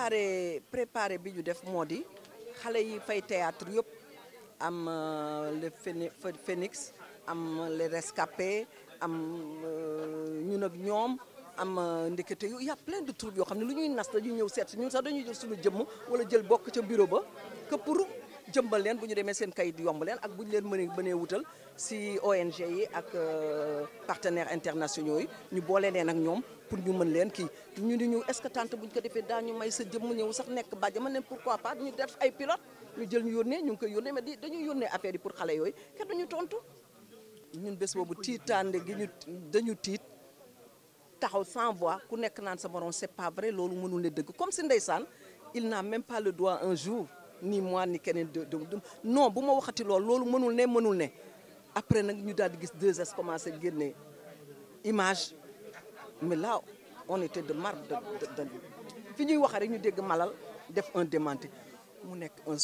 préparé préparé bi ñu def modi xalé yi fay théâtre yop euh, am le Phénix am les rescapés am ñun ak ñom am euh, ndekete yu ya plein de troupes yo xamni lu ñuy nas dañuy ñew set ñun sax dañuy jël suñu jëm wala jël bokk ci bureau ba que pour jëmbal leen bu ñu demee seen kayit yomb leen ak buñu leen mëne mënee wutal si ONG yi ak euh, partenaires internationaux yi ñu boole leen ak ñoom pour ñu mën leen kii ñu ni ñu est-ce que tante buñ ñu ko defee ñu may sa jëmm ñëw sax nekk bàjja ma ne pourquoi pas ñu def ay pilote ñu jël ñu yónnee ñu ngi koy yónnee mais di dañuy yónnee affaire yi pour xale yooyu kenn duñu tontu ñun bés boobu tiitaande gi ñu dañu tiit taxaw sans voix ku nekk naan sa morom c'est pas vrai loolu mënul ne dëgg comme si ndeysaan il n'a même pas le droit un jour ni moi ni de non bu Non, waxati loolu loolu mënul ne mënul ne après nous ñu daal di gis 2S image mais là on était de marbre de on a wax rek nous dégg malal def un démenti mu un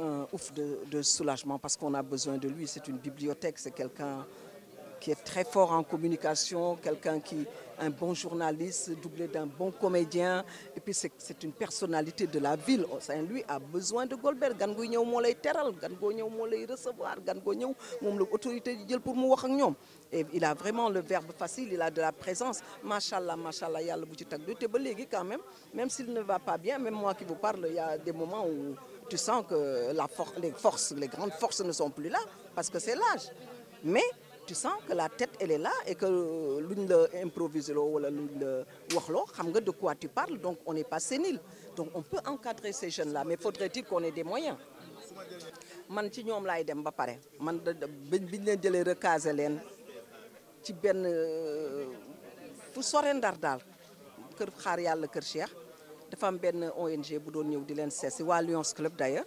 un ouf de soulagement parce qu'on a besoin de lui c'est une bibliothèque c'est quelqu'un qui est très fort en communication quelqu'un qui un bon journaliste, doublé d'un bon comédien. Et puis c'est une personnalité de la ville. Oh, lui a besoin de Goldberg. recevoir pour et il a vraiment le verbe facile il a de la présence Machallah, machallah, Il y a le quand même même s'il ne va pas bien même moi qui vous parle il y a des moments où tu sens que la les forces les grandes forces ne sont plus là parce que c'est l'âge mais tu sens que la tête elle est là et que luñ la improviser loo wala luñ la waxloo xam nga de quoi tu parles donc on n'est pas sénile donc on peut encadrer ces jeunes là mais faudrait-il qu'on ait des moyens man ci ñom lay dem ba paré man biñ leen jëlee recaser leen ci ben fu sore ndar dal kër xaar yalla kër Cheikh dafa am ben ONG bu doon ñëw di leen seesi wa Lions Club d'ailleurs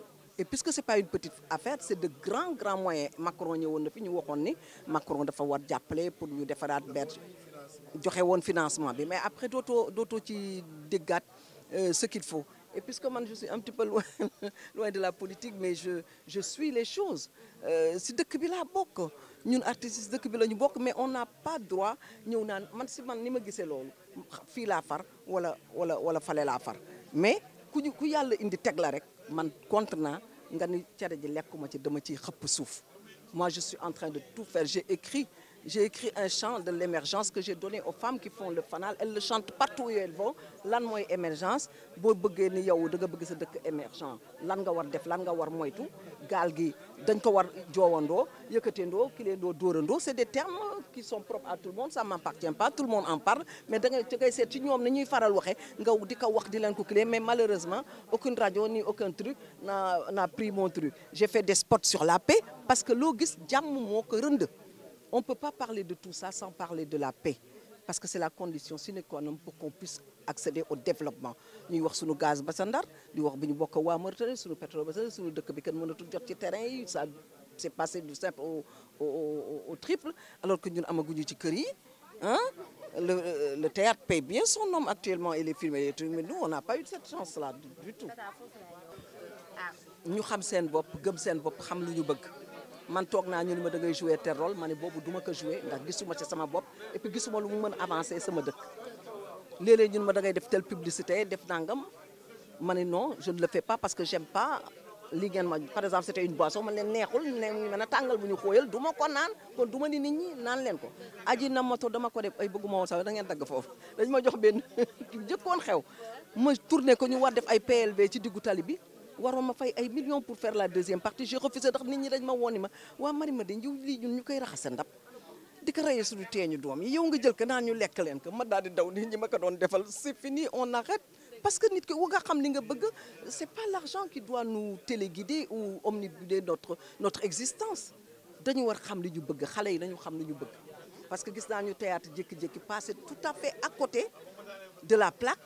et puisque c'est pas une petite affaire c'est de grands grands moyens Macron ñëwoon na fi ñu waxoon Macron dafa war jàppale pour ñu defaraat berge joxe financement mais après d'autres qui ci euh, ce qu'il faut et puisque man je suis un petit peu loin loin de la politique mais je je suis les choses C'est euh, de bi Bok Nous, ñun artistes dëkk bi la ñu bokk mais on n'a pas droit ne sais man si je ni ma gisee loolu fii laa far wala wala wala fale la far mais ku ñu ku yàlla indi teg la man contre naa nga ni cere ji lekuma ci dama ci xep suuf moi je suis en train de tout faire j'ai écrit j'ai écrit un chant de l'émergence que j'ai donné aux femmes qui font le fanal. Elles le chantent partout où elles vont. lan mooy émergence boo bëggee ni yow da nga sa dëkk émergent lan nga war def lan nga war moytu Galgi, gi ko war c'est des termes qui sont propres à tout le monde ça m'appartient pas tout le monde en parle mais da ngay da ngay seet ci ñoom ni ñuy faral waxee nga wax di mais malheureusement aucune radio ni aucun truc n'a n'a pris mon truc j'ai fait des spots sur la paix parce que loo gis mo moo ko on ne peut pas parler de tout ça sans parler de la paix. parce que c'est la condition sine qua non pour qu'on puisse accéder au développement avons wax le gaz ba nous di ça c'est passé du simple au triple alors que nous, amaguñu ci kër hein. le théâtre paie bien son nom actuellement et les films mais nous on n'a pas eu cette chance là du tout man tok na ñu ne ma da ngay jouer tel rôle mané bobu duma ko jouer ndax gisuma ci sama bopp et puis gisuma lu mu meun avancer sama dëkk lélé léeg ñu ma da ngay def tel publicité def nangam mané non je ne le fais pas parce que j'aime pas li ngeen ma par exemple c'était une boisson man leen neexul ne mën a bu ñu xóoyal duma ko naan kon duma ni nit ñi naan len ko aji na moto dama ko def ay bëgguma woon da ngeen dag fofu dañ ma jox ben jëkkoon xew ma tourner ko ñu war def ay PLV ci diggu tali bi waroon ma fay ay millions pour faire la deuxième partie j'ai refusé ndax nit ñi dañ ma woon ni ma waa mari ma de yow lii ñun ñu koy raxase ndab di ko reyee suñu téñu doom yi yow nga jël ko naa ñu lekk leen ko ma daal di daw nit ñi ma ko doon defal c'est fini on arrête parce que nit ki wu nga xam li nga bëgg c'est pas l'argent qui doit nous téléguider ou omnibuler notre notre existence dañu war xam li ñu bëgg xalé yi nañu xam li ñu bëgg parce que gis naa ñu théâtre jékki-jékki passé tout à fait à côté de la plaque